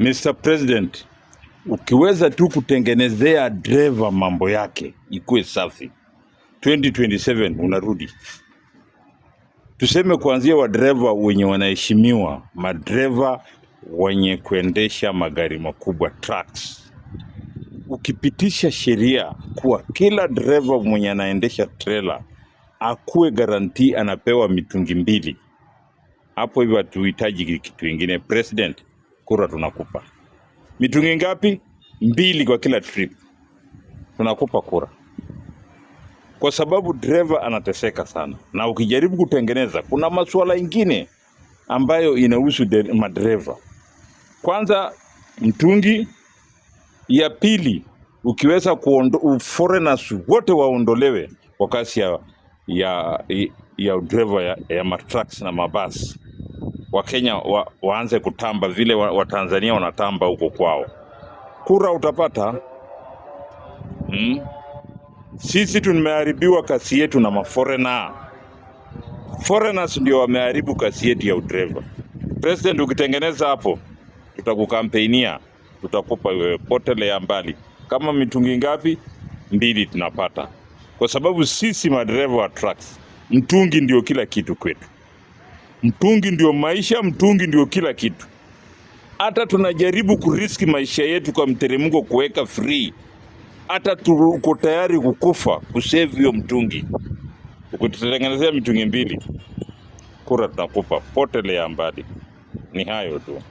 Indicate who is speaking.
Speaker 1: Mr. President, ukiweza tu kutengenezea dreva mambo yake ikuwe safi, 2027 unarudi tuseme, kuanzia wadereva wenye wanaheshimiwa, madereva wenye kuendesha magari makubwa trucks. Ukipitisha sheria kuwa kila dereva mwenye anaendesha trela akuwe garanti anapewa mitungi mbili, hapo hivyo hatuhitaji kitu kingine. President, kura tunakupa. Mitungi ngapi? Mbili kwa kila trip, tunakupa kura, kwa sababu dereva anateseka sana, na ukijaribu kutengeneza, kuna masuala ingine ambayo inahusu madereva. Kwanza mtungi, ya pili ukiweza foreigners wote waondolewe kwa kasi ya, ya, ya driver ya, ya matrucks na mabasi. Wakenya wa, waanze kutamba vile Watanzania wa wanatamba huko kwao. Kura utapata hmm? Sisi tumeharibiwa kasi yetu na maforena. Foreigners ndio wameharibu kasi yetu ya udereva President, ukitengeneza hapo, tutakukampeinia, tutakupa wewe eh, potele ya mbali. Kama mitungi ngapi? Mbili tunapata, kwa sababu sisi madereva wa trucks, mtungi ndio kila kitu kwetu. Mtungi ndio maisha, mtungi ndio kila kitu. Hata tunajaribu kuriski maisha yetu kwa mteremko, kuweka free, hata tuko tayari kukufa kusave hiyo mtungi. Ukitutengenezea mitungi mbili, kura tunakupa, potelea mbali. Ni hayo tu.